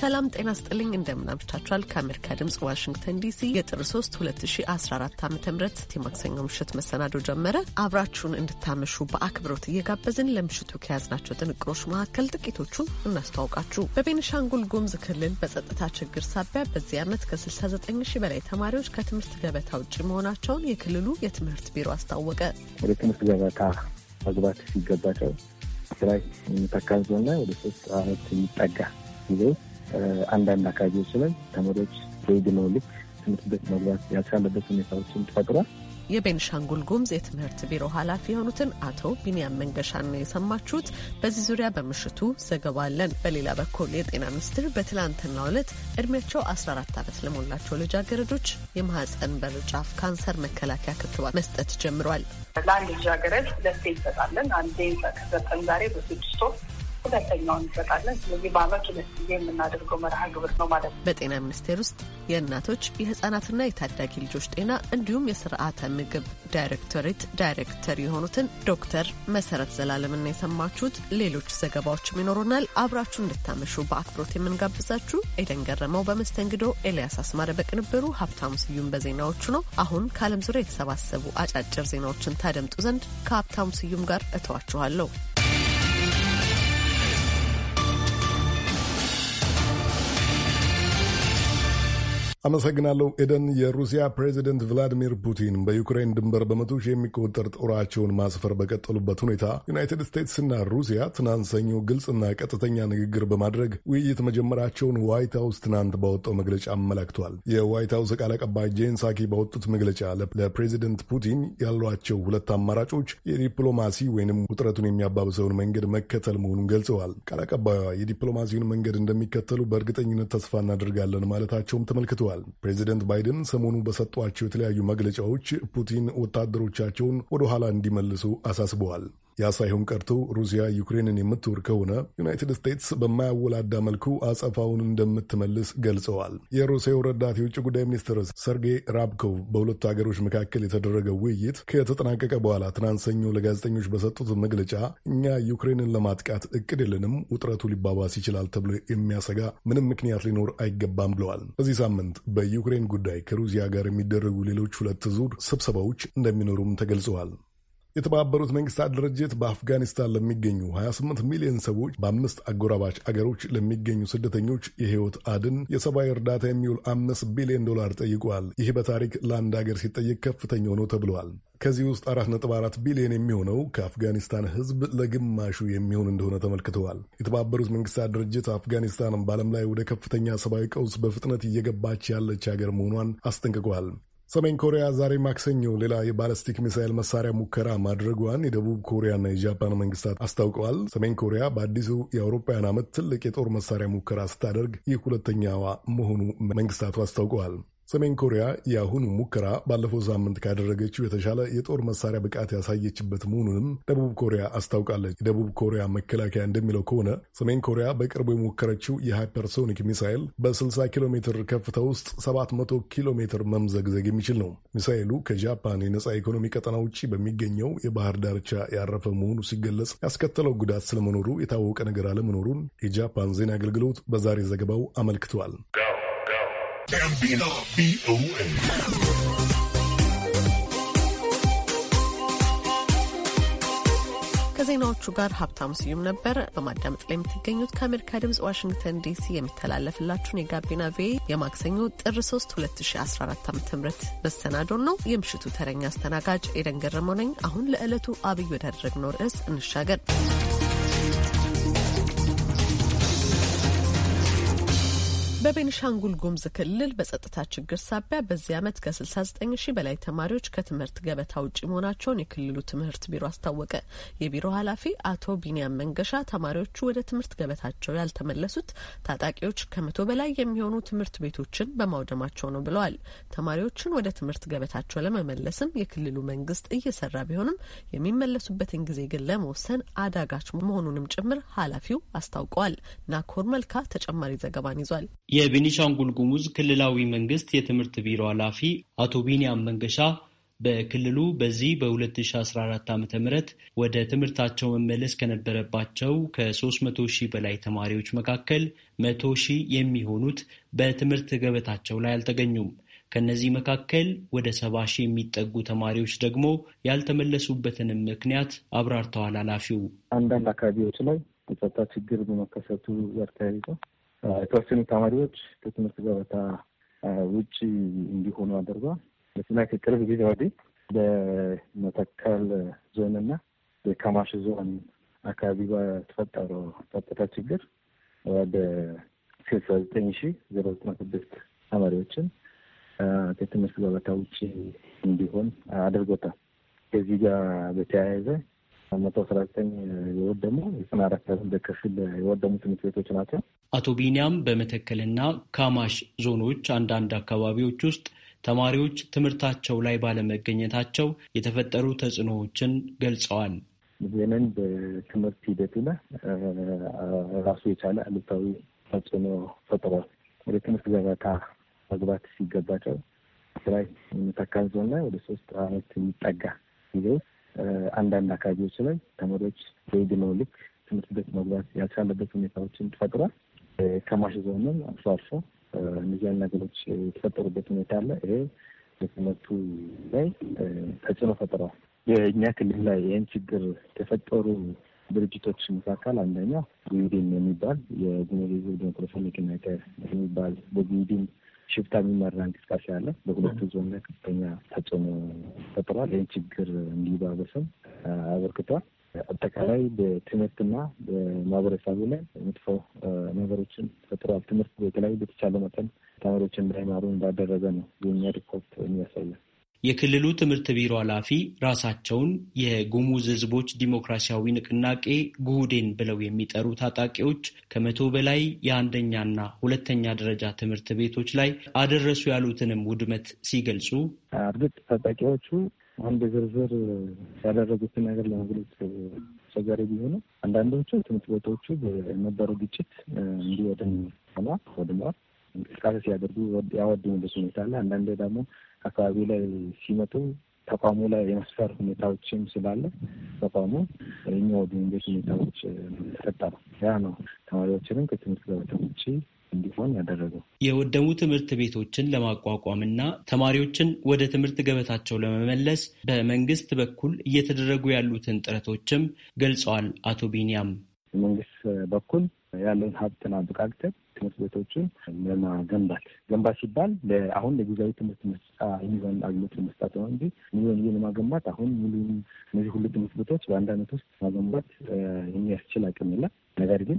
ሰላም ጤና ስጥልኝ፣ እንደምናምሽታችኋል። ከአሜሪካ ድምፅ ዋሽንግተን ዲሲ የጥር 3 2014 ዓ ም የማክሰኞ ምሽት መሰናዶ ጀመረ። አብራችሁን እንድታመሹ በአክብሮት እየጋበዝን ለምሽቱ ከያዝናቸው ጥንቅሮች መካከል ጥቂቶቹን እናስተዋውቃችሁ። በቤኒሻንጉል ጉምዝ ክልል በጸጥታ ችግር ሳቢያ በዚህ ዓመት ከ69 በላይ ተማሪዎች ከትምህርት ገበታ ውጭ መሆናቸውን የክልሉ የትምህርት ቢሮ አስታወቀ። ወደ ትምህርት ገበታ መግባት ሲገባቸው ስራ የሚተካዙና ወደ ሶስት ዓመት የሚጠጋ ጊዜ አንዳንድ አካባቢዎች ላይ ተማሪዎች ነው ልክ ትምህርት ቤት መግባት ያልቻለበት ሁኔታዎችን ፈጥሯል። የቤንሻንጉል ጉምዝ የትምህርት ቢሮ ኃላፊ የሆኑትን አቶ ቢንያም መንገሻን ነው የሰማችሁት። በዚህ ዙሪያ በምሽቱ ዘገባ አለን። በሌላ በኩል የጤና ሚኒስትር በትላንትናው ዕለት እድሜያቸው 14 ዓመት ለሞላቸው ልጃገረዶች የማህፀን በር ጫፍ ካንሰር መከላከያ ክትባት መስጠት ጀምሯል። ለአንድ ልጃገረድ ሁለቴ ይሰጣለን። አንዴ ከሰጠን ዛሬ በስድስት ሁለተኛውን እንሰጣለን። ስለዚህ በአመት ሁለት ጊዜ የምናደርገው መርሃ ግብር ነው ማለት ነው። በጤና ሚኒስቴር ውስጥ የእናቶች የህጻናትና የታዳጊ ልጆች ጤና እንዲሁም የስርዓተ ምግብ ዳይሬክቶሬት ዳይሬክተር የሆኑትን ዶክተር መሰረት ዘላለምና የሰማችሁት። ሌሎች ዘገባዎችም ይኖሩናል። አብራችሁ እንድታመሹ በአክብሮት የምንጋብዛችሁ ኤደን ገረመው በመስተንግዶ፣ ኤልያስ አስማረ በቅንብሩ፣ ሀብታሙ ስዩም በዜናዎቹ ነው። አሁን ከዓለም ዙሪያ የተሰባሰቡ አጫጭር ዜናዎችን ታደምጡ ዘንድ ከሀብታሙ ስዩም ጋር እተዋችኋለሁ። አመሰግናለሁ ኤደን። የሩሲያ ፕሬዚደንት ቭላዲሚር ፑቲን በዩክሬን ድንበር በመቶ ሺህ የሚቆጠር ጦራቸውን ማስፈር በቀጠሉበት ሁኔታ ዩናይትድ እና ሩሲያ ትናንት ሰኞ ግልጽና ቀጥተኛ ንግግር በማድረግ ውይይት መጀመራቸውን ዋይት ሀውስ ትናንት ባወጣው መግለጫ አመላክቷል። የዋይት ሀውስ ቃል አቀባይ ጄን ሳኪ ባወጡት መግለጫ ለፕሬዚደንት ፑቲን ያሏቸው ሁለት አማራጮች የዲፕሎማሲ ወይንም ውጥረቱን የሚያባብሰውን መንገድ መከተል መሆኑን ገልጸዋል። ቃል አቀባዩዋ የዲፕሎማሲውን መንገድ እንደሚከተሉ በእርግጠኝነት ተስፋ እናደርጋለን ማለታቸውም ተመልክተዋል። ይገኛል። ፕሬዚደንት ባይደን ሰሞኑ በሰጧቸው የተለያዩ መግለጫዎች ፑቲን ወታደሮቻቸውን ወደ ኋላ እንዲመልሱ አሳስበዋል። ያ ሳይሆን ቀርቶ ሩሲያ ዩክሬንን የምትወር ከሆነ ዩናይትድ ስቴትስ በማያወላዳ መልኩ አጸፋውን እንደምትመልስ ገልጸዋል። የሩሲያው ረዳት የውጭ ጉዳይ ሚኒስትር ሰርጌይ ራብኮቭ በሁለቱ ሀገሮች መካከል የተደረገው ውይይት ከተጠናቀቀ በኋላ ትናንት ሰኞ ለጋዜጠኞች በሰጡት መግለጫ እኛ ዩክሬንን ለማጥቃት እቅድ የለንም፣ ውጥረቱ ሊባባስ ይችላል ተብሎ የሚያሰጋ ምንም ምክንያት ሊኖር አይገባም ብለዋል። በዚህ ሳምንት በዩክሬን ጉዳይ ከሩሲያ ጋር የሚደረጉ ሌሎች ሁለት ዙር ስብሰባዎች እንደሚኖሩም ተገልጸዋል። የተባበሩት መንግስታት ድርጅት በአፍጋኒስታን ለሚገኙ 28 ሚሊዮን ሰዎች በአምስት አጎራባች አገሮች ለሚገኙ ስደተኞች የህይወት አድን የሰብአዊ እርዳታ የሚውል አምስት ቢሊዮን ዶላር ጠይቋል። ይህ በታሪክ ለአንድ አገር ሲጠየቅ ከፍተኛ ሆኖ ተብለዋል። ከዚህ ውስጥ 4.4 ቢሊዮን የሚሆነው ከአፍጋኒስታን ህዝብ ለግማሹ የሚሆን እንደሆነ ተመልክተዋል። የተባበሩት መንግስታት ድርጅት አፍጋኒስታን በዓለም ላይ ወደ ከፍተኛ ሰብአዊ ቀውስ በፍጥነት እየገባች ያለች ሀገር መሆኗን አስጠንቅቋል። ሰሜን ኮሪያ ዛሬ ማክሰኞ ሌላ የባለስቲክ ሚሳይል መሳሪያ ሙከራ ማድረጓን የደቡብ ኮሪያና የጃፓን መንግስታት አስታውቀዋል። ሰሜን ኮሪያ በአዲሱ የአውሮፓውያን ዓመት ትልቅ የጦር መሳሪያ ሙከራ ስታደርግ ይህ ሁለተኛዋ መሆኑ መንግስታቱ አስታውቀዋል። ሰሜን ኮሪያ የአሁኑ ሙከራ ባለፈው ሳምንት ካደረገችው የተሻለ የጦር መሳሪያ ብቃት ያሳየችበት መሆኑንም ደቡብ ኮሪያ አስታውቃለች። የደቡብ ኮሪያ መከላከያ እንደሚለው ከሆነ ሰሜን ኮሪያ በቅርቡ የሞከረችው የሃይፐርሶኒክ ሚሳይል በ60 ኪሎ ሜትር ከፍታ ውስጥ 700 ኪሎ ሜትር መምዘግዘግ የሚችል ነው። ሚሳይሉ ከጃፓን የነፃ ኢኮኖሚ ቀጠና ውጭ በሚገኘው የባህር ዳርቻ ያረፈ መሆኑ ሲገለጽ ያስከተለው ጉዳት ስለመኖሩ የታወቀ ነገር አለመኖሩን የጃፓን ዜና አገልግሎት በዛሬ ዘገባው አመልክተዋል። ከዜናዎቹ ጋር ሀብታም ስዩም ነበር። በማዳመጥ ላይ የምትገኙት ከአሜሪካ ድምፅ ዋሽንግተን ዲሲ የሚተላለፍላችሁን የጋቢና ቪኦኤ የማክሰኞ ጥር 3 2014 ዓ.ም መሰናዶ ነው። የምሽቱ ተረኛ አስተናጋጅ ኤደን ገረመው ነኝ። አሁን ለዕለቱ አብይ ወዳደረግነው ርዕስ እንሻገር። በቤንሻንጉል ጉምዝ ክልል በጸጥታ ችግር ሳቢያ በዚህ ዓመት ከ69 ሺህ በላይ ተማሪዎች ከትምህርት ገበታ ውጭ መሆናቸውን የክልሉ ትምህርት ቢሮ አስታወቀ። የቢሮ ኃላፊ አቶ ቢንያም መንገሻ ተማሪዎቹ ወደ ትምህርት ገበታቸው ያልተመለሱት ታጣቂዎች ከመቶ በላይ የሚሆኑ ትምህርት ቤቶችን በማውደማቸው ነው ብለዋል። ተማሪዎችን ወደ ትምህርት ገበታቸው ለመመለስም የክልሉ መንግስት እየሰራ ቢሆንም የሚመለሱበትን ጊዜ ግን ለመወሰን አዳጋች መሆኑንም ጭምር ኃላፊው አስታውቀዋል። ናኮር መልካ ተጨማሪ ዘገባን ይዟል። የቤኒሻንጉል ጉሙዝ ክልላዊ መንግስት የትምህርት ቢሮ ኃላፊ አቶ ቢኒያም መንገሻ በክልሉ በዚህ በ2014 ዓ ም ወደ ትምህርታቸው መመለስ ከነበረባቸው ከ300 ሺህ በላይ ተማሪዎች መካከል መቶ ሺህ የሚሆኑት በትምህርት ገበታቸው ላይ አልተገኙም። ከእነዚህ መካከል ወደ 7 ሺህ የሚጠጉ ተማሪዎች ደግሞ ያልተመለሱበትንም ምክንያት አብራርተዋል ኃላፊው። አንዳንድ አካባቢዎች ላይ የጸጥታ ችግር በመከሰቱ ጋር ተያይዘው የተወሰኑ ተማሪዎች ከትምህርት ገበታ ውጭ እንዲሆኑ አድርጓል። በተለይ ከቅርብ ጊዜ ወዲህ በመተከል ዞንና በከማሽ ዞን አካባቢ በተፈጠረው ጸጥታ ችግር ወደ ስልሳ ዘጠኝ ሺ ዜሮ ዘጠና ስድስት ተማሪዎችን ከትምህርት ገበታ ውጭ እንዲሆን አድርጎታል። ከዚህ ጋር በተያያዘ መቶ አስራ ዘጠኝ የወደሙ ዘጠና አራት በከፊል የወደሙ ትምህርት ቤቶች ናቸው። አቶ ቢኒያም በመተከልና ካማሽ ዞኖች አንዳንድ አካባቢዎች ውስጥ ተማሪዎች ትምህርታቸው ላይ ባለመገኘታቸው የተፈጠሩ ተጽዕኖዎችን ገልጸዋል። ይህንን በትምህርት ሂደቱ ላይ ራሱ የቻለ አሉታዊ ተጽዕኖ ፈጥሯል። ወደ ትምህርት ገበታ መግባት ሲገባቸው ስራይ መተከል ዞን ላይ ወደ ሶስት አመት የሚጠጋ ጊዜ አንዳንድ አካባቢዎች ላይ ተማሪዎች በዕድሜው ልክ ትምህርት ቤት መግባት ያልቻለበት ሁኔታዎችን ፈጥሯል። ከማሽ ዞንም አልፎ አልፎ እነዚያን ነገሮች የተፈጠሩበት ሁኔታ አለ። ይሄ በትምህርቱ ላይ ተጽዕኖ ፈጥረዋል። የእኛ ክልል ላይ ይህን ችግር የፈጠሩ ድርጅቶች መካከል አንደኛው ጉኢዴን የሚባል የጉሙዝ ሕዝብ ዴሞክራሲያዊ ንቅናቄ የሚባል በጉኢዴን ሽፍታ የሚመራ እንቅስቃሴ አለ። በሁለቱ ዞን ላይ ከፍተኛ ተጽዕኖ ፈጥሯል። ይህን ችግር እንዲባበስም አበርክቷል። አጠቃላይ በትምህርትና በማህበረሰቡ ላይ መጥፎ ነገሮችን ፈጥሯል። ትምህርት በተለይ በተቻለ መጠን ተማሪዎች እንዳይማሩ እንዳደረገ ነው የኛ ሪፖርት የሚያሳየው። የክልሉ ትምህርት ቢሮ ኃላፊ ራሳቸውን የጉሙዝ ሕዝቦች ዲሞክራሲያዊ ንቅናቄ ጉሁዴን ብለው የሚጠሩ ታጣቂዎች ከመቶ በላይ የአንደኛና ሁለተኛ ደረጃ ትምህርት ቤቶች ላይ አደረሱ ያሉትንም ውድመት ሲገልጹ እርግጥ ታጣቂዎቹ አንድ ዝርዝር ያደረጉትን ነገር ለመግለጽ አስቸጋሪ ቢሆንም አንዳንዶቹ ትምህርት ቤቶቹ በነበረው ግጭት እንዲወድም ሆና ወድመዋል። እንቅስቃሴ ሲያደርጉ ያወድሙበት ሁኔታ አለ። አንዳንድ ደግሞ አካባቢ ላይ ሲመጡ ተቋሙ ላይ የመስፈር ሁኔታዎችም ስላለ ተቋሙ የሚወዱ የሚወድሙበት ሁኔታዎች ተፈጠሩ። ያ ነው ተማሪዎችንም ከትምህርት ገበታ ውጭ እንዲሆን ያደረገው። የወደሙ ትምህርት ቤቶችን ለማቋቋም ተማሪዎችን ወደ ትምህርት ገበታቸው ለመመለስ በመንግስት በኩል እየተደረጉ ያሉትን ጥረቶችም ገልጸዋል አቶ ቢኒያም። በመንግስት በኩል ያለውን ሀብትን አበቃቅተን ትምህርት ቤቶችን ለማገንባት ገንባት ሲባል አሁን ለጊዜያዊ ትምህርት መስጫ የሚሆን አግኘት ለመስጣት ነው እንጂ ሙሉን ለማገንባት አሁን ሙሉን እነዚህ ሁሉ ትምህርት ቤቶች በአንድ አመት ውስጥ ማገንባት የሚያስችል አቅም የለም። ነገር ግን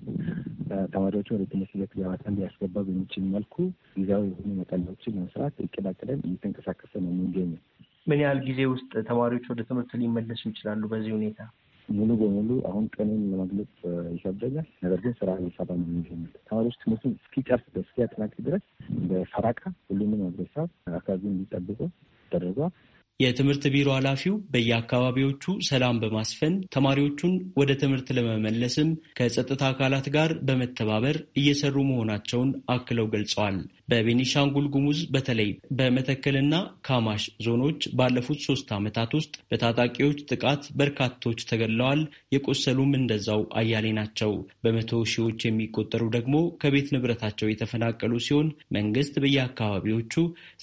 ተማሪዎችን ወደ ትምህርት ቤት ገባታ እንዲያስገባ በሚችል መልኩ ጊዜያዊ የሆኑ መጠለዎችን ለመስራት እቅዳቅለን እየተንቀሳቀሰ ነው የሚገኘው። ምን ያህል ጊዜ ውስጥ ተማሪዎች ወደ ትምህርት ሊመለሱ ይችላሉ? በዚህ ሁኔታ ሙሉ በሙሉ አሁን ቀኔን ለመግለጽ ይከብደኛል። ነገር ግን ስራ እየሰራ ነው የሚገኛል። ተማሪዎች ትምህርቱን እስኪጨርስ እስኪ ያጠናቅ ድረስ በፈራቃ ሁሉንም አግረሳብ አካባቢ እንዲጠብቁ ተደርጓል። የትምህርት ቢሮ ኃላፊው በየአካባቢዎቹ ሰላም በማስፈን ተማሪዎቹን ወደ ትምህርት ለመመለስም ከጸጥታ አካላት ጋር በመተባበር እየሰሩ መሆናቸውን አክለው ገልጸዋል። በቤኒሻንጉል ጉሙዝ በተለይ በመተከልና ካማሽ ዞኖች ባለፉት ሶስት ዓመታት ውስጥ በታጣቂዎች ጥቃት በርካቶች ተገድለዋል። የቆሰሉም እንደዛው አያሌ ናቸው። በመቶ ሺዎች የሚቆጠሩ ደግሞ ከቤት ንብረታቸው የተፈናቀሉ ሲሆን መንግስት በየአካባቢዎቹ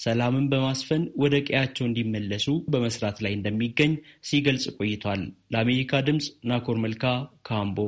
ሰላምን በማስፈን ወደ ቀያቸው እንዲመለሱ በመስራት ላይ እንደሚገኝ ሲገልጽ ቆይቷል። ለአሜሪካ ድምፅ ናኮር መልካ ካምቦ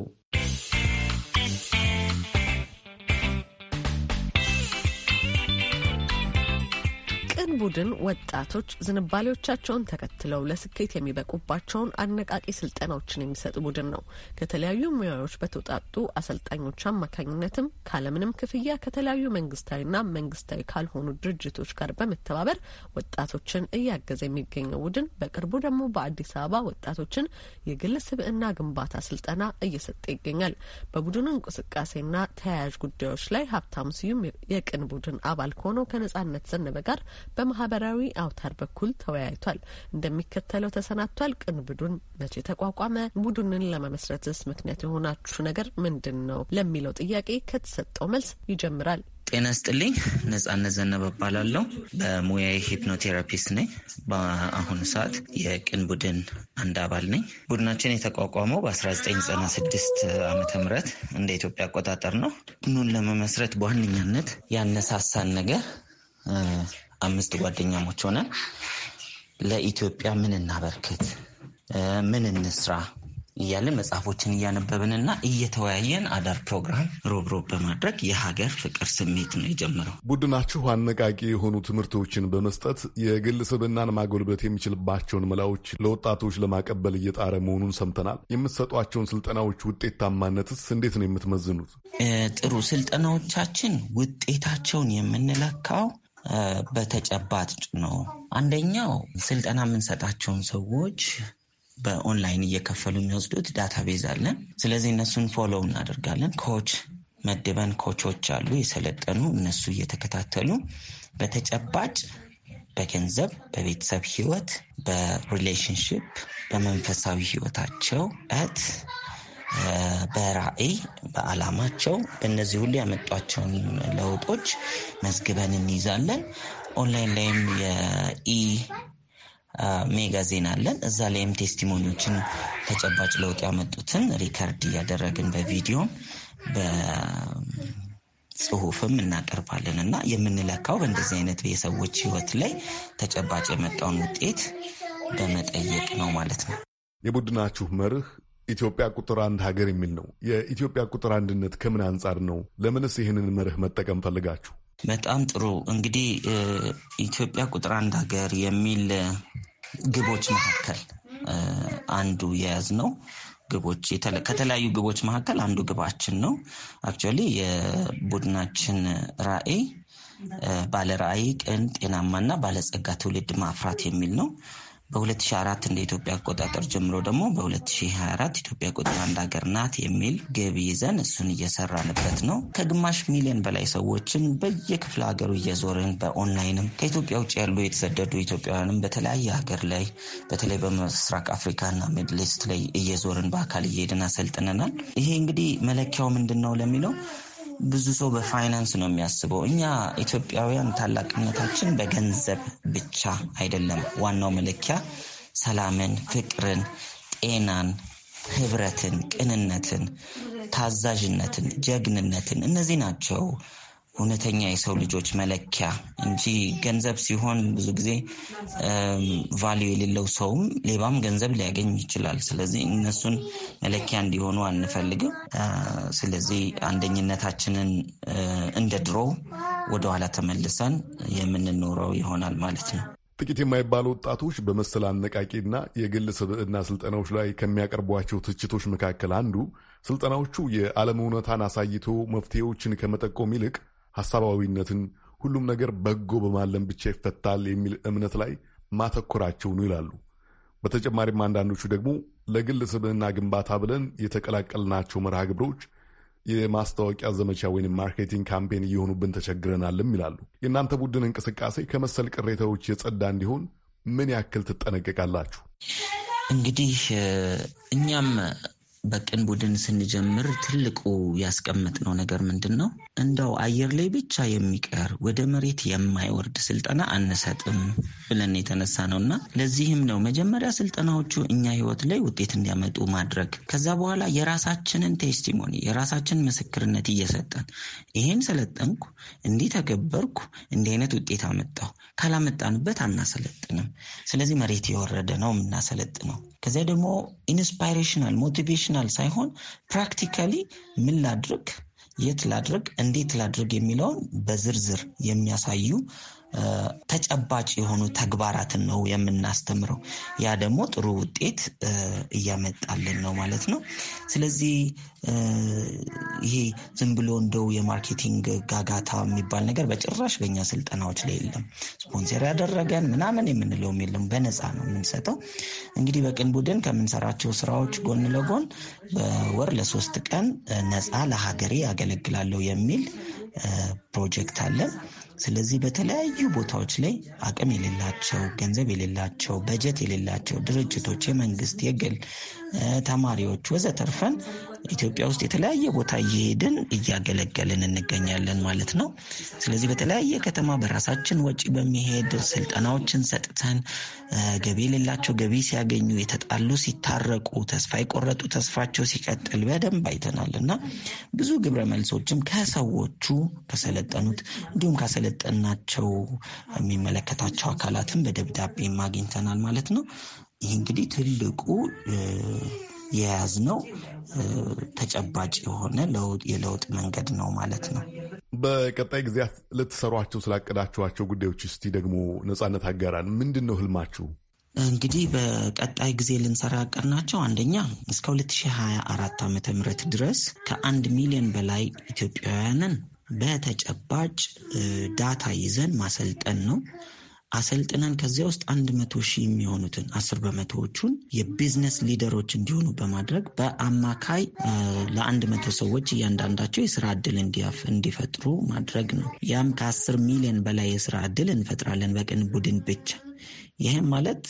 ቡድን ወጣቶች ዝንባሌዎቻቸውን ተከትለው ለስኬት የሚበቁባቸውን አነቃቂ ስልጠናዎችን የሚሰጥ ቡድን ነው። ከተለያዩ ሙያዎች በተውጣጡ አሰልጣኞች አማካኝነትም ካለምንም ክፍያ ከተለያዩ መንግስታዊና መንግስታዊ ካልሆኑ ድርጅቶች ጋር በመተባበር ወጣቶችን እያገዘ የሚገኘው ቡድን በቅርቡ ደግሞ በአዲስ አበባ ወጣቶችን የግል ስብዕና ግንባታ ስልጠና እየሰጠ ይገኛል። በቡድኑ እንቅስቃሴና ተያያዥ ጉዳዮች ላይ ሀብታሙ ስዩም የቅን ቡድን አባል ከሆነው ከነጻነት ዘነበ ጋር በ በማህበራዊ አውታር በኩል ተወያይቷል። እንደሚከተለው ተሰናድቷል። ቡድን መቼ ተቋቋመ? ቡድንን ለመመስረትስ ምክንያት የሆናችሁ ነገር ምንድን ነው? ለሚለው ጥያቄ ከተሰጠው መልስ ይጀምራል። ጤና ስጥልኝ። ነጻነት ዘነበ እባላለሁ። በሙያዬ ሂፕኖቴራፒስት ነኝ። በአሁኑ ሰዓት የቅን ቡድን አንድ አባል ነኝ። ቡድናችን የተቋቋመው በ1996 ዓ ም እንደ ኢትዮጵያ አቆጣጠር ነው። ቡድኑን ለመመስረት በዋነኛነት ያነሳሳን ነገር አምስት ጓደኛሞች ሆነን ለኢትዮጵያ ምን እናበርክት፣ ምን እንስራ እያለን መጽሐፎችን እያነበብንና እየተወያየን አዳር ፕሮግራም ሮብሮብ በማድረግ የሀገር ፍቅር ስሜት ነው የጀመረው። ቡድናችሁ አነቃቂ የሆኑ ትምህርቶችን በመስጠት የግል ማጎልበት የሚችልባቸውን መላዎች ለወጣቶች ለማቀበል እየጣረ መሆኑን ሰምተናል። የምትሰጧቸውን ስልጠናዎች ውጤታማነትስ እንዴት ነው የምትመዝኑት? ጥሩ ስልጠናዎቻችን ውጤታቸውን የምንለካው በተጨባጭ ነው። አንደኛው ስልጠና የምንሰጣቸውን ሰዎች በኦንላይን እየከፈሉ የሚወስዱት ዳታ ቤዝ አለን። ስለዚህ እነሱን ፎሎው እናደርጋለን። ኮች መድበን ኮቾች አሉ የሰለጠኑ እነሱ እየተከታተሉ በተጨባጭ በገንዘብ፣ በቤተሰብ ህይወት፣ በሪሌሽንሽፕ፣ በመንፈሳዊ ህይወታቸው እት በራዕይ በዓላማቸው በእነዚህ ሁሉ ያመጧቸውን ለውጦች መዝግበን እንይዛለን። ኦንላይን ላይም የኢ ሜጋ ዜና አለን። እዛ ላይም ቴስቲሞኒዎችን ተጨባጭ ለውጥ ያመጡትን ሪከርድ እያደረግን በቪዲዮም በጽሁፍም እናቀርባለን እና የምንለካው በእንደዚህ አይነት የሰዎች ህይወት ላይ ተጨባጭ የመጣውን ውጤት በመጠየቅ ነው ማለት ነው። የቡድናችሁ መርህ ኢትዮጵያ ቁጥር አንድ ሀገር የሚል ነው። የኢትዮጵያ ቁጥር አንድነት ከምን አንጻር ነው? ለምንስ ይህንን መርህ መጠቀም ፈልጋችሁ? በጣም ጥሩ እንግዲህ ኢትዮጵያ ቁጥር አንድ ሀገር የሚል ግቦች መካከል አንዱ የያዝ ነው ግቦች ከተለያዩ ግቦች መካከል አንዱ ግባችን ነው። አክቹዋሊ የቡድናችን ራዕይ ባለ ራዕይ ቅን ጤናማና ባለጸጋ ትውልድ ማፍራት የሚል ነው። በ2004 እንደ ኢትዮጵያ አቆጣጠር ጀምሮ ደግሞ በ2024 ኢትዮጵያ ቁጥር አንድ ሀገር ናት የሚል ገቢ ይዘን እሱን እየሰራንበት ነው። ከግማሽ ሚሊዮን በላይ ሰዎችን በየክፍለ ሀገሩ እየዞርን በኦንላይንም ከኢትዮጵያ ውጭ ያሉ የተሰደዱ ኢትዮጵያውያንም በተለያየ ሀገር ላይ በተለይ በምስራቅ አፍሪካና ሚድል ኢስት ላይ እየዞርን በአካል እየሄድን አሰልጥነናል። ይሄ እንግዲህ መለኪያው ምንድን ነው ለሚለው ብዙ ሰው በፋይናንስ ነው የሚያስበው። እኛ ኢትዮጵያውያን ታላቅነታችን በገንዘብ ብቻ አይደለም። ዋናው መለኪያ ሰላምን፣ ፍቅርን፣ ጤናን፣ ህብረትን፣ ቅንነትን፣ ታዛዥነትን፣ ጀግንነትን እነዚህ ናቸው እውነተኛ የሰው ልጆች መለኪያ እንጂ ገንዘብ ሲሆን ብዙ ጊዜ ቫሊዩ የሌለው ሰውም ሌባም ገንዘብ ሊያገኝ ይችላል። ስለዚህ እነሱን መለኪያ እንዲሆኑ አንፈልግም። ስለዚህ አንደኝነታችንን እንደ ድሮ ወደኋላ ተመልሰን የምንኖረው ይሆናል ማለት ነው። ጥቂት የማይባሉ ወጣቶች በመሰል አነቃቂና የግል ስብዕና ስልጠናዎች ላይ ከሚያቀርቧቸው ትችቶች መካከል አንዱ ስልጠናዎቹ የዓለም እውነታን አሳይቶ መፍትሄዎችን ከመጠቆም ይልቅ ሀሳባዊነትን፣ ሁሉም ነገር በጎ በማለም ብቻ ይፈታል የሚል እምነት ላይ ማተኮራቸው ነው ይላሉ። በተጨማሪም አንዳንዶቹ ደግሞ ለግል ስብዕና ግንባታ ብለን የተቀላቀልናቸው መርሃ ግብሮች የማስታወቂያ ዘመቻ ወይም ማርኬቲንግ ካምፔን እየሆኑብን ተቸግረናልም ይላሉ። የእናንተ ቡድን እንቅስቃሴ ከመሰል ቅሬታዎች የጸዳ እንዲሆን ምን ያክል ትጠነቀቃላችሁ? እንግዲህ እኛም በቅን ቡድን ስንጀምር ትልቁ ያስቀመጥነው ነገር ምንድን ነው? እንደው አየር ላይ ብቻ የሚቀር ወደ መሬት የማይወርድ ስልጠና አንሰጥም ብለን የተነሳ ነው እና ለዚህም ነው መጀመሪያ ስልጠናዎቹ እኛ ህይወት ላይ ውጤት እንዲያመጡ ማድረግ፣ ከዛ በኋላ የራሳችንን ቴስቲሞኒ የራሳችን ምስክርነት እየሰጠን ይሄን ሰለጠንኩ፣ እንዲህ ተገበርኩ፣ እንዲህ አይነት ውጤት አመጣሁ ካላመጣንበት አናሰለጥንም። ስለዚህ መሬት የወረደ ነው የምናሰለጥነው። ከዚያ ደግሞ ኢንስፓይሬሽናል ሞቲቬሽን ኢሞሽናል ሳይሆን ፕራክቲካሊ ምን ላድርግ፣ የት ላድርግ፣ እንዴት ላድርግ የሚለውን በዝርዝር የሚያሳዩ ተጨባጭ የሆኑ ተግባራትን ነው የምናስተምረው። ያ ደግሞ ጥሩ ውጤት እያመጣልን ነው ማለት ነው። ስለዚህ ይሄ ዝም ብሎ እንደው የማርኬቲንግ ጋጋታ የሚባል ነገር በጭራሽ በኛ ስልጠናዎች ላይ የለም። ስፖንሰር ያደረገን ምናምን የምንለውም የለም። በነፃ ነው የምንሰጠው። እንግዲህ በቅን ቡድን ከምንሰራቸው ስራዎች ጎን ለጎን በወር ለሶስት ቀን ነፃ ለሀገሬ ያገለግላለሁ የሚል ፕሮጀክት አለን። ስለዚህ በተለያዩ ቦታዎች ላይ አቅም የሌላቸው ገንዘብ የሌላቸው በጀት የሌላቸው ድርጅቶች፣ የመንግስት፣ የግል ተማሪዎች ወዘተርፈን ኢትዮጵያ ውስጥ የተለያየ ቦታ እየሄድን እያገለገልን እንገኛለን ማለት ነው። ስለዚህ በተለያየ ከተማ በራሳችን ወጪ በሚሄድ ስልጠናዎችን ሰጥተን ገቢ የሌላቸው ገቢ ሲያገኙ፣ የተጣሉ ሲታረቁ፣ ተስፋ የቆረጡ ተስፋቸው ሲቀጥል በደንብ አይተናል እና ብዙ ግብረ መልሶችም ከሰዎቹ ከሰለጠኑት እንዲሁም ካሰለጠናቸው የሚመለከታቸው አካላትም በደብዳቤም አግኝተናል ማለት ነው። ይህ እንግዲህ ትልቁ የያዝነው ተጨባጭ የሆነ የለውጥ መንገድ ነው ማለት ነው። በቀጣይ ጊዜያት ልትሰሯቸው ስላቀዳችኋቸው ጉዳዮች እስቲ ደግሞ ነጻነት አጋራን። ምንድን ነው ህልማችሁ? እንግዲህ በቀጣይ ጊዜ ልንሰራ ያቀድናቸው አንደኛ እስከ 2024 ዓ ም ድረስ ከአንድ ሚሊዮን በላይ ኢትዮጵያውያንን በተጨባጭ ዳታ ይዘን ማሰልጠን ነው። አሰልጥነን ከዚያ ውስጥ አንድ መቶ ሺህ የሚሆኑትን አስር በመቶዎቹን የቢዝነስ ሊደሮች እንዲሆኑ በማድረግ በአማካይ ለአንድ መቶ ሰዎች እያንዳንዳቸው የስራ እድል እንዲፈጥሩ ማድረግ ነው። ያም ከአስር ሚሊዮን በላይ የስራ እድል እንፈጥራለን በቅን ቡድን ብቻ ይህም ማለት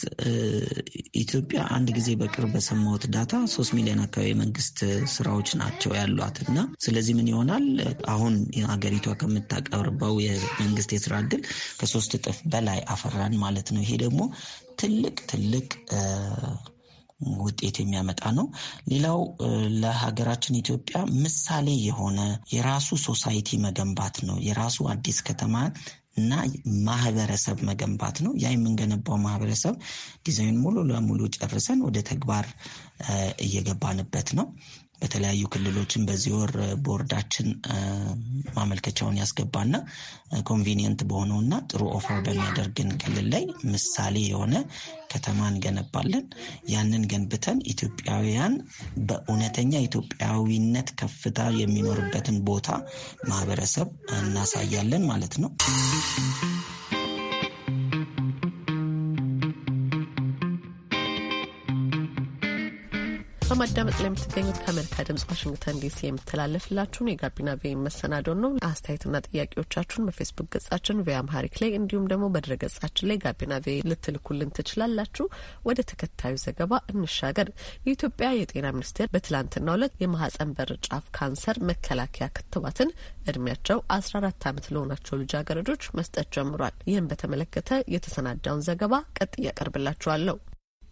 ኢትዮጵያ አንድ ጊዜ በቅርብ በሰማሁት ዳታ ሶስት ሚሊዮን አካባቢ የመንግስት ስራዎች ናቸው ያሏት እና ስለዚህ ምን ይሆናል አሁን ሀገሪቷ ከምታቀርበው የመንግስት የስራ እድል ከሶስት እጥፍ በላይ አፈራን ማለት ነው። ይሄ ደግሞ ትልቅ ትልቅ ውጤት የሚያመጣ ነው። ሌላው ለሀገራችን ኢትዮጵያ ምሳሌ የሆነ የራሱ ሶሳይቲ መገንባት ነው። የራሱ አዲስ ከተማ እና ማህበረሰብ መገንባት ነው። ያ የምንገነባው ማህበረሰብ ዲዛይን ሙሉ ለሙሉ ጨርሰን ወደ ተግባር እየገባንበት ነው። በተለያዩ ክልሎችን በዚህ ወር ቦርዳችን ማመልከቻውን ያስገባና ኮንቬኒየንት በሆነውና ጥሩ ኦፈር በሚያደርግን ክልል ላይ ምሳሌ የሆነ ከተማ እንገነባለን። ያንን ገንብተን ኢትዮጵያውያን በእውነተኛ ኢትዮጵያዊነት ከፍታ የሚኖርበትን ቦታ ማህበረሰብ እናሳያለን ማለት ነው። በማዳመጥ ላይ የምትገኙት ከአሜሪካ ድምጽ ዋሽንግተን ዲሲ የምተላለፍላችሁን የጋቢና ቪ መሰናዶን ነው። አስተያየትና ጥያቄዎቻችሁን በፌስቡክ ገጻችን ቪ አምሃሪክ ላይ እንዲሁም ደግሞ በድረ ገጻችን ላይ ጋቢና ቪ ልትልኩልን ትችላላችሁ። ወደ ተከታዩ ዘገባ እንሻገር። የኢትዮጵያ የጤና ሚኒስቴር በትላንትና ሁለት የማህፀን በር ጫፍ ካንሰር መከላከያ ክትባትን እድሜያቸው አስራ አራት ዓመት ለሆናቸው ልጃገረዶች መስጠት ጀምሯል። ይህም በተመለከተ የተሰናዳውን ዘገባ ቀጥ እያቀርብላችኋለሁ።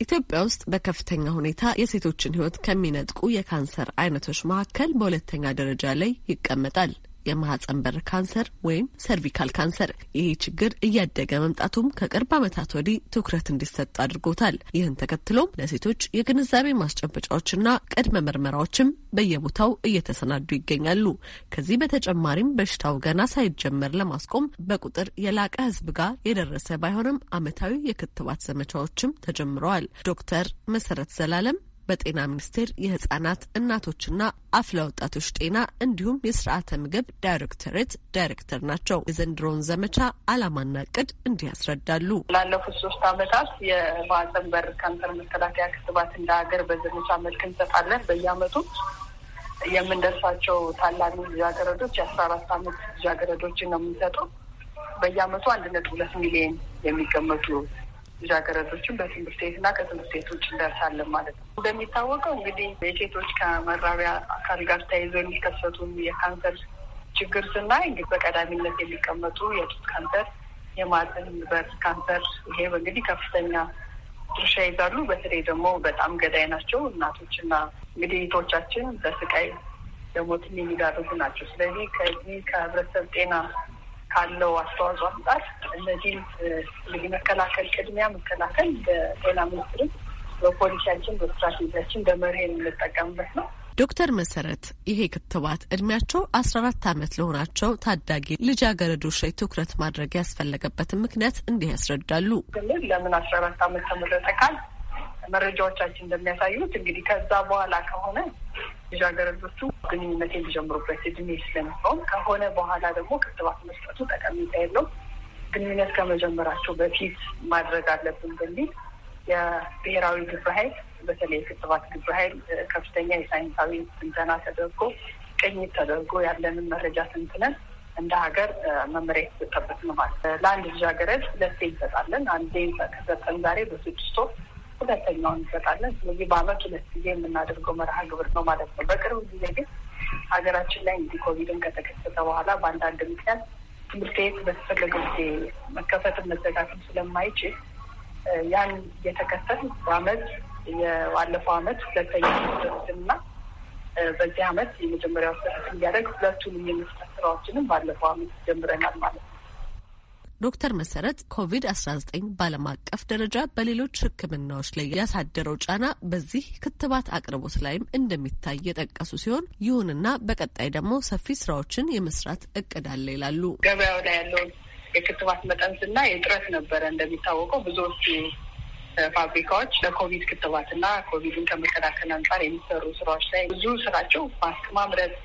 ኢትዮጵያ ውስጥ በከፍተኛ ሁኔታ የሴቶችን ሕይወት ከሚነጥቁ የካንሰር አይነቶች መካከል በሁለተኛ ደረጃ ላይ ይቀመጣል። የማህፀን በር ካንሰር ወይም ሰርቪካል ካንሰር። ይህ ችግር እያደገ መምጣቱም ከቅርብ ዓመታት ወዲህ ትኩረት እንዲሰጥ አድርጎታል። ይህን ተከትሎም ለሴቶች የግንዛቤ ማስጨበጫዎችና ቅድመ ምርመራዎችም በየቦታው እየተሰናዱ ይገኛሉ። ከዚህ በተጨማሪም በሽታው ገና ሳይጀመር ለማስቆም በቁጥር የላቀ ህዝብ ጋር የደረሰ ባይሆንም ዓመታዊ የክትባት ዘመቻዎችም ተጀምረዋል። ዶክተር መሰረት ዘላለም በጤና ሚኒስቴር የህጻናት እናቶችና አፍለ ወጣቶች ጤና እንዲሁም የስርዓተ ምግብ ዳይሬክተሬት ዳይሬክተር ናቸው። የዘንድሮውን ዘመቻ አላማና እቅድ እንዲህ ያስረዳሉ። ላለፉት ሶስት አመታት የማህፀን በር ካንሰር መከላከያ ክትባት እንደ ሀገር በዘመቻ መልክ እንሰጣለን። በየአመቱ የምንደርሳቸው ታላሚ ልጃገረዶች የአስራ አራት አመት ልጃገረዶችን ነው የምንሰጠው። በየአመቱ አንድ ነጥብ ሁለት ሚሊዮን የሚገመቱ ልጃገረዶችን በትምህርት ቤትና ከትምህርት ቤት ውጭ እንደርሳለን ማለት ነው። እንደሚታወቀው እንግዲህ የሴቶች ከመራቢያ አካል ጋር ተያይዘው የሚከሰቱ የካንሰር ችግር ስናይ እንግዲህ በቀዳሚነት የሚቀመጡ የጡት ካንሰር፣ የማህፀን በር ካንሰር ይሄ እንግዲህ ከፍተኛ ድርሻ ይዛሉ። በተለይ ደግሞ በጣም ገዳይ ናቸው። እናቶችና እንግዲህ እህቶቻችን በስቃይ ለሞት የሚዳርጉ ናቸው። ስለዚህ ከዚህ ከህብረተሰብ ጤና ካለው አስተዋጽኦ አንጻር እነዚህም እንግዲህ መከላከል ቅድሚያ መከላከል በጤና ሚኒስትርም በፖሊሲያችን በስትራቴጂያችን በመርህ የምንጠቀምበት ነው። ዶክተር መሰረት ይሄ ክትባት እድሜያቸው አስራ አራት ዓመት ለሆናቸው ታዳጊ ልጃገረዶች ላይ ትኩረት ማድረግ ያስፈለገበትን ምክንያት እንዲህ ያስረዳሉ። ለምን አስራ አራት ዓመት ተመረጠ ካል መረጃዎቻችን እንደሚያሳዩት እንግዲህ ከዛ በኋላ ከሆነ ልጃገረዶቹ ግንኙነት የሚጀምሩበት እድሜ ስለሚሆን ከሆነ በኋላ ደግሞ ክትባት መስጠቱ ጠቀሜታ የለው ግንኙነት ከመጀመራቸው በፊት ማድረግ አለብን በሚል የብሔራዊ ግብረ ኃይል በተለይ የክትባት ግብረ ኃይል ከፍተኛ የሳይንሳዊ ትንተና ተደርጎ ቅኝት ተደርጎ ያለንን መረጃ ትንትነን እንደ ሀገር መመሪያ የተሰጠበት ነው ማለት ለአንድ ልጃገረድ ሁለቴ እንሰጣለን። አንዴ ከሰጠን ዛሬ በስድስት ወር ሁለተኛውን እንሰጣለን። ስለዚህ በአመት ሁለት ጊዜ የምናደርገው መርሃ ግብር ነው ማለት ነው። በቅርብ ጊዜ ግን ሀገራችን ላይ እንዲህ ኮቪድን ከተከሰተ በኋላ በአንዳንድ ምክንያት ትምህርት ቤት በተፈለገው ጊዜ መከፈትን መዘጋትም ስለማይችል ያን እየተከተል በአመት የባለፈው አመት ሁለተኛ ስርትና በዚህ አመት የመጀመሪያው ስርት እንዲያደርግ ሁለቱንም የመስራት ስራዎችንም ባለፈው አመት ጀምረናል ማለት ነው። ዶክተር መሰረት ኮቪድ-19 በዓለም አቀፍ ደረጃ በሌሎች ሕክምናዎች ላይ ያሳደረው ጫና በዚህ ክትባት አቅርቦት ላይም እንደሚታይ የጠቀሱ ሲሆን ይሁንና በቀጣይ ደግሞ ሰፊ ስራዎችን የመስራት እቅድ አለ ይላሉ። ገበያው ላይ ያለውን የክትባት መጠን ስናይ እጥረት ነበረ። እንደሚታወቀው ብዙዎቹ ፋብሪካዎች ለኮቪድ ክትባትና ኮቪድን ከመከላከል አንጻር የሚሰሩ ስራዎች ላይ ብዙ ስራቸው ማስክ ማምረት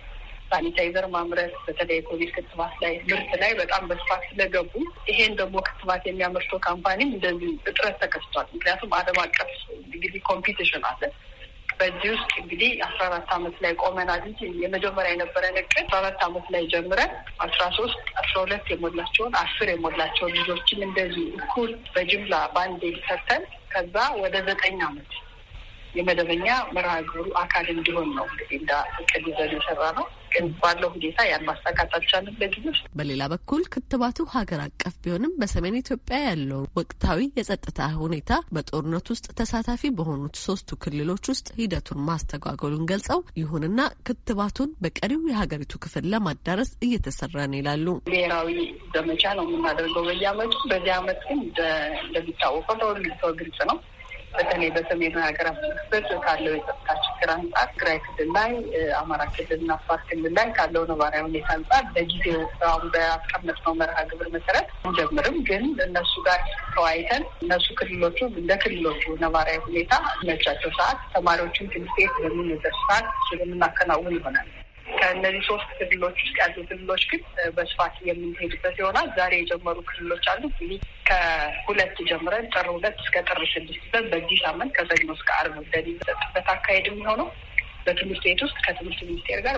ሳኒታይዘር ማምረት በተለይ የኮቪድ ክትባት ላይ ምርት ላይ በጣም በስፋት ስለገቡ ይሄን ደግሞ ክትባት የሚያመርተው ካምፓኒም እንደዚህ እጥረት ተከስቷል። ምክንያቱም ዓለም አቀፍ እንግዲህ ኮምፒቲሽን አለ። በዚህ ውስጥ እንግዲህ አስራ አራት አመት ላይ ቆመናል እንጂ የመጀመሪያ የነበረን እቅድ አስራ አራት አመት ላይ ጀምረን አስራ ሶስት አስራ ሁለት የሞላቸውን አስር የሞላቸውን ልጆችን እንደዚህ እኩል በጅምላ በአንዴ ሰርተን ከዛ ወደ ዘጠኝ አመት የመደበኛ መርሃግብሩ አካል እንዲሆን ነው እንግዲህ እንደ እቅድ ይዘን የሰራ ነው። ግን ባለው ሁኔታ ያን ማሳካት አልቻልንም በሌላ በኩል ክትባቱ ሀገር አቀፍ ቢሆንም በሰሜን ኢትዮጵያ ያለው ወቅታዊ የጸጥታ ሁኔታ በጦርነት ውስጥ ተሳታፊ በሆኑት ሶስቱ ክልሎች ውስጥ ሂደቱን ማስተጓጎሉን ገልጸው፣ ይሁንና ክትባቱን በቀሪው የሀገሪቱ ክፍል ለማዳረስ እየተሰራ ነው ይላሉ። ብሔራዊ ዘመቻ ነው የምናደርገው በየአመቱ። በዚህ አመት ግን እንደሚታወቀው ለሁሉም ሰው ግልጽ ነው በተለይ በሰሜኑ ሀገራት ክፍል ካለው የጸጥታ ችግር አንጻር ትግራይ ክልል ላይ፣ አማራ ክልልና አፋር ክልል ላይ ካለው ነባራዊ ሁኔታ አንጻር በጊዜው አሁን በአስቀመጥነው መርሃ ግብር መሰረት ጀምርም ግን እነሱ ጋር ተወያይተን እነሱ ክልሎቹ እንደ ክልሎቹ ነባራዊ ሁኔታ መቻቸው ሰዓት ተማሪዎችን ትምህርት ቤት በሚንደር ሰዓት የምናከናውን ይሆናል። ከእነዚህ ሶስት ክልሎች ውስጥ ያሉ ክልሎች ግን በስፋት የምንሄድበት ይሆናል። ዛሬ የጀመሩ ክልሎች አሉ። ከሁለት ጀምረን ጥር ሁለት እስከ ጥር ስድስት ዘን በዚህ ሳምንት ከሰኞ እስከ አርብ ብለን የሚሰጥበት አካሄድ የሚሆነው በትምህርት ቤት ውስጥ ከትምህርት ሚኒስቴር ጋር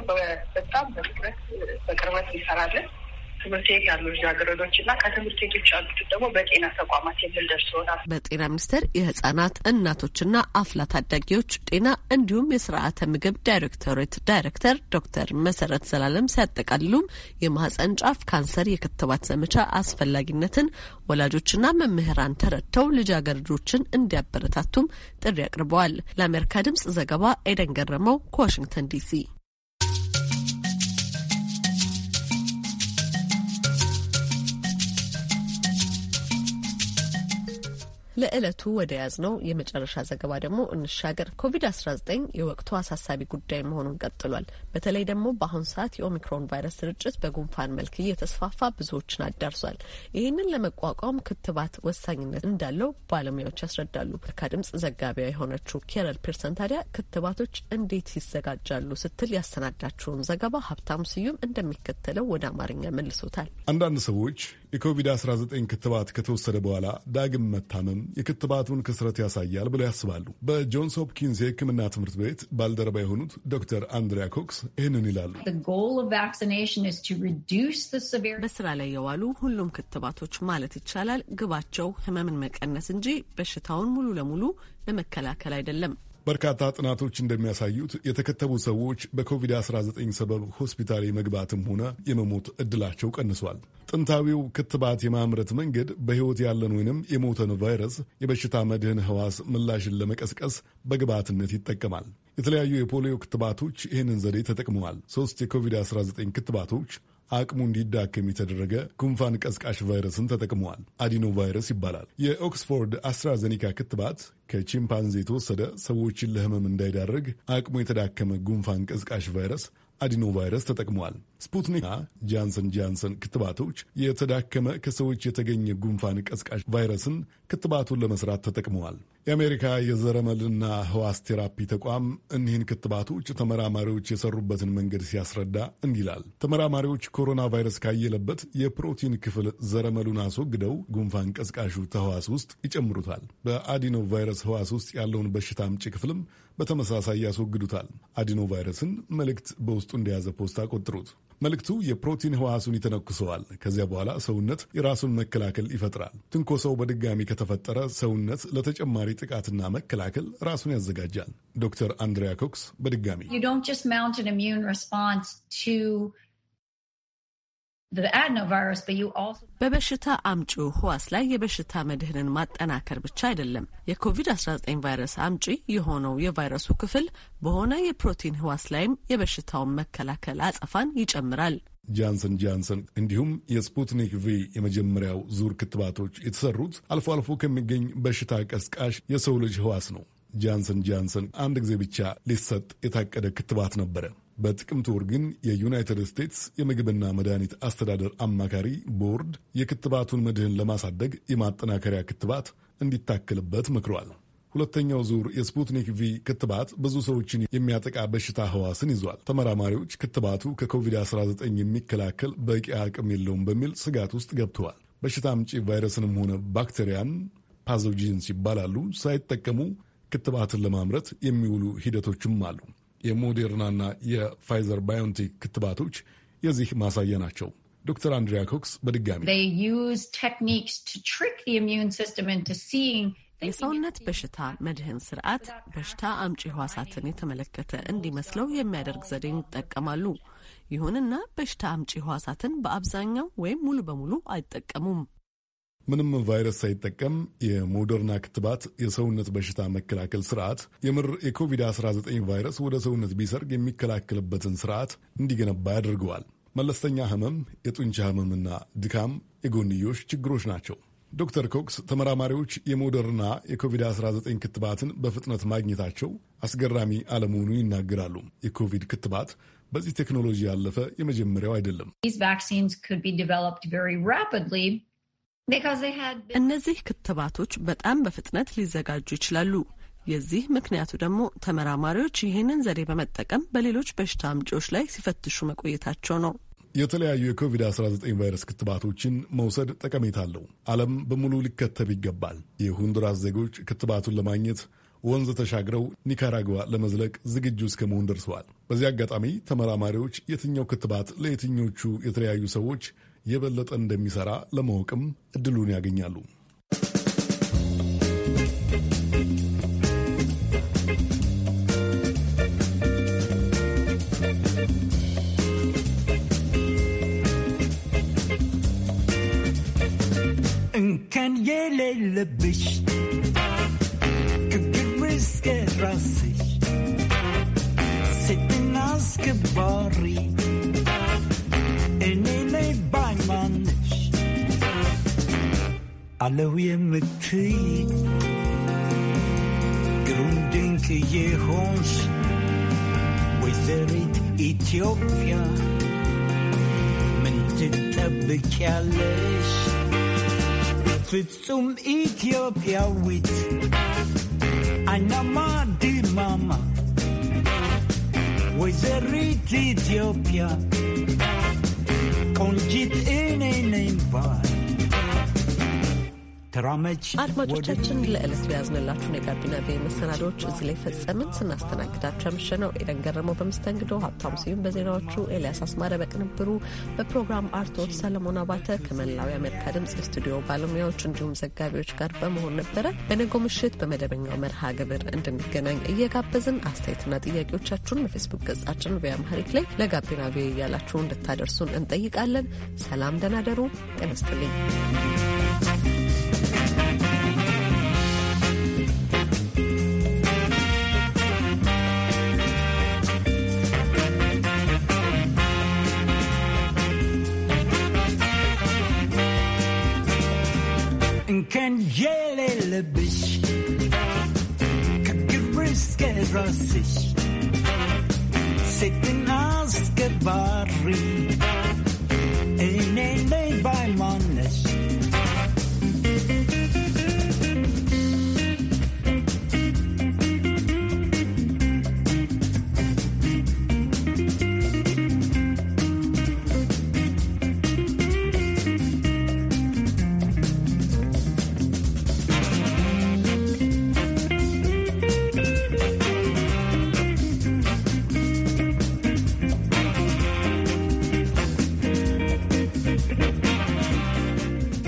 በጣም በቅርበት በቅርበት ይሰራለን። ትምህርት ቤት ያሉ ልጃገረዶች እና ከትምህርት ቤቶች ያሉት ደግሞ በጤና ተቋማት የምንደርስ ይሆናል። በጤና ሚኒስቴር የህጻናት እናቶችና አፍላ ታዳጊዎች ጤና እንዲሁም የስርዓተ ምግብ ዳይሬክቶሬት ዳይሬክተር ዶክተር መሰረት ዘላለም ሲያጠቃልሉም የማህፀን ጫፍ ካንሰር የክትባት ዘመቻ አስፈላጊነትን ወላጆችና መምህራን ተረድተው ልጃገረዶችን እንዲያበረታቱም ጥሪ አቅርበዋል። ለአሜሪካ ድምጽ ዘገባ ኤደን ገረመው ከዋሽንግተን ዲሲ ለዕለቱ ወደ ያዝ ነው የመጨረሻ ዘገባ ደግሞ እንሻገር። ኮቪድ-19 የወቅቱ አሳሳቢ ጉዳይ መሆኑን ቀጥሏል። በተለይ ደግሞ በአሁኑ ሰዓት የኦሚክሮን ቫይረስ ስርጭት በጉንፋን መልክ እየተስፋፋ ብዙዎችን አዳርሷል። ይህንን ለመቋቋም ክትባት ወሳኝነት እንዳለው ባለሙያዎች ያስረዳሉ። አሜሪካ ድምጽ ዘጋቢያ የሆነችው ኬረል ፒርሰን ታዲያ ክትባቶች እንዴት ይዘጋጃሉ ስትል ያሰናዳችውን ዘገባ ሀብታሙ ስዩም እንደሚከተለው ወደ አማርኛ መልሶታል። አንዳንድ ሰዎች የኮቪድ-19 ክትባት ከተወሰደ በኋላ ዳግም መታመም የክትባቱን ክስረት ያሳያል ብለው ያስባሉ። በጆንስ ሆፕኪንስ የሕክምና ትምህርት ቤት ባልደረባ የሆኑት ዶክተር አንድሪያ ኮክስ ይህንን ይላሉ። በስራ ላይ የዋሉ ሁሉም ክትባቶች ማለት ይቻላል ግባቸው ህመምን መቀነስ እንጂ በሽታውን ሙሉ ለሙሉ ለመከላከል አይደለም። በርካታ ጥናቶች እንደሚያሳዩት የተከተቡ ሰዎች በኮቪድ-19 ሰበብ ሆስፒታል የመግባትም ሆነ የመሞት እድላቸው ቀንሷል። ጥንታዊው ክትባት የማምረት መንገድ በሕይወት ያለን ወይንም የሞተን ቫይረስ የበሽታ መድህን ህዋስ ምላሽን ለመቀስቀስ በግብዓትነት ይጠቀማል። የተለያዩ የፖሊዮ ክትባቶች ይህንን ዘዴ ተጠቅመዋል። ሦስት የኮቪድ-19 ክትባቶች አቅሙ እንዲዳከም የተደረገ ጉንፋን ቀስቃሽ ቫይረስን ተጠቅመዋል። አዲኖ ቫይረስ ይባላል። የኦክስፎርድ አስትራዘኒካ ክትባት ከቺምፓንዚ የተወሰደ ሰዎችን ለህመም እንዳይዳርግ አቅሙ የተዳከመ ጉንፋን ቀስቃሽ ቫይረስ አዲኖ ቫይረስ ተጠቅመዋል። ስፑትኒክና ጃንሰን ጃንሰን ክትባቶች የተዳከመ ከሰዎች የተገኘ ጉንፋን ቀስቃሽ ቫይረስን ክትባቱን ለመስራት ተጠቅመዋል። የአሜሪካ የዘረመልና ህዋስ ቴራፒ ተቋም እኒህን ክትባቶች ተመራማሪዎች የሰሩበትን መንገድ ሲያስረዳ እንዲህ ይላል። ተመራማሪዎች ኮሮና ቫይረስ ካየለበት የፕሮቲን ክፍል ዘረመሉን አስወግደው ጉንፋን ቀስቃሹ ተህዋስ ውስጥ ይጨምሩታል። በአዲኖ ቫይረስ ህዋስ ውስጥ ያለውን በሽታ አምጪ ክፍልም በተመሳሳይ ያስወግዱታል። አዲኖ ቫይረስን መልእክት በውስጡ እንደያዘ ፖስታ ቆጥሩት። መልእክቱ የፕሮቲን ህዋሱን ይተነኩሰዋል። ከዚያ በኋላ ሰውነት የራሱን መከላከል ይፈጥራል። ትንኮሰው በድጋሚ ከተፈጠረ ሰውነት ለተጨማሪ ጥቃትና መከላከል ራሱን ያዘጋጃል። ዶክተር አንድሪያ ኮክስ በድጋሚ በበሽታ አምጪው ህዋስ ላይ የበሽታ መድህንን ማጠናከር ብቻ አይደለም። የኮቪድ-19 ቫይረስ አምጪ የሆነው የቫይረሱ ክፍል በሆነ የፕሮቲን ህዋስ ላይም የበሽታውን መከላከል አጸፋን ይጨምራል። ጃንሰን ጃንሰን እንዲሁም የስፑትኒክ ቪ የመጀመሪያው ዙር ክትባቶች የተሰሩት አልፎ አልፎ ከሚገኝ በሽታ ቀስቃሽ የሰው ልጅ ህዋስ ነው። ጃንሰን ጃንሰን አንድ ጊዜ ብቻ ሊሰጥ የታቀደ ክትባት ነበረ። በጥቅምት ወር ግን የዩናይትድ ስቴትስ የምግብና መድኃኒት አስተዳደር አማካሪ ቦርድ የክትባቱን መድህን ለማሳደግ የማጠናከሪያ ክትባት እንዲታከልበት መክሯል። ሁለተኛው ዙር የስፑትኒክ ቪ ክትባት ብዙ ሰዎችን የሚያጠቃ በሽታ ህዋስን ይዟል። ተመራማሪዎች ክትባቱ ከኮቪድ-19 የሚከላከል በቂ አቅም የለውም በሚል ስጋት ውስጥ ገብተዋል። በሽታ አምጪ ቫይረስንም ሆነ ባክቴሪያን ፓዞጂንስ ይባላሉ ሳይጠቀሙ ክትባትን ለማምረት የሚውሉ ሂደቶችም አሉ። የሞዴርናና የፋይዘር ባዮንቴክ ክትባቶች የዚህ ማሳያ ናቸው። ዶክተር አንድሪያ ኮክስ በድጋሚ የሰውነት በሽታ መድህን ስርዓት በሽታ አምጪ ህዋሳትን የተመለከተ እንዲመስለው የሚያደርግ ዘዴን ይጠቀማሉ። ይሁንና በሽታ አምጪ ህዋሳትን በአብዛኛው ወይም ሙሉ በሙሉ አይጠቀሙም። ምንም ቫይረስ ሳይጠቀም የሞደርና ክትባት የሰውነት በሽታ መከላከል ስርዓት የምር የኮቪድ-19 ቫይረስ ወደ ሰውነት ቢሰርግ የሚከላከልበትን ስርዓት እንዲገነባ ያደርገዋል። መለስተኛ ህመም፣ የጡንቻ ህመምና ድካም የጎንዮሽ ችግሮች ናቸው። ዶክተር ኮክስ ተመራማሪዎች የሞደርና የኮቪድ-19 ክትባትን በፍጥነት ማግኘታቸው አስገራሚ አለመሆኑን ይናገራሉ። የኮቪድ ክትባት በዚህ ቴክኖሎጂ ያለፈ የመጀመሪያው አይደለም። እነዚህ ክትባቶች በጣም በፍጥነት ሊዘጋጁ ይችላሉ። የዚህ ምክንያቱ ደግሞ ተመራማሪዎች ይህንን ዘዴ በመጠቀም በሌሎች በሽታ አምጪዎች ላይ ሲፈትሹ መቆየታቸው ነው። የተለያዩ የኮቪድ-19 ቫይረስ ክትባቶችን መውሰድ ጠቀሜታ አለው። ዓለም በሙሉ ሊከተብ ይገባል። የሆንዱራስ ዜጎች ክትባቱን ለማግኘት ወንዝ ተሻግረው ኒካራጓ ለመዝለቅ ዝግጁ እስከ መሆን ደርሰዋል። በዚህ አጋጣሚ ተመራማሪዎች የትኛው ክትባት ለየትኞቹ የተለያዩ ሰዎች የበለጠ እንደሚሰራ ለማወቅም እድሉን ያገኛሉ። Kan የሌለብሽ ክብር እስከ ራስሽ ሴትና አስከባሪ እኔ ማንሽ አለው የምትይ ግሩም ድንቅ የሆንሽ ወይዘሪት ኢትዮጵያ ምን ትጠብቂያለሽ? ፍጹም ኢትዮጵያዊት አይናማ ድማማ ወይዘሪት ኢትዮጵያ Conjit, ene, ene, ተራመጅ አድማጮቻችን፣ ለዕለቱ ያዝንላችሁን የጋቢና ቪ መሰናዶዎች እዚህ ላይ ፈጸምን። ስናስተናግዳቸው ነው ኤደን ገረመው በምስተንግዶ፣ ሀብታሙ ስዩም በዜናዎቹ፣ ኤልያስ አስማረ በቅንብሩ፣ በፕሮግራም አርቶት ሰለሞን አባተ ከመላው የአሜሪካ ድምፅ የስቱዲዮ ባለሙያዎች እንዲሁም ዘጋቢዎች ጋር በመሆን ነበረ። በነገው ምሽት በመደበኛው መርሃ ግብር እንድንገናኝ እየጋበዝን አስተያየትና ጥያቄዎቻችሁን በፌስቡክ ገጻችን በአምሃሪክ ላይ ለጋቢና ቪ እያላችሁ እንድታደርሱን እንጠይቃለን። ሰላም ደናደሩ ጤና ይስጥልኝ። Yeah!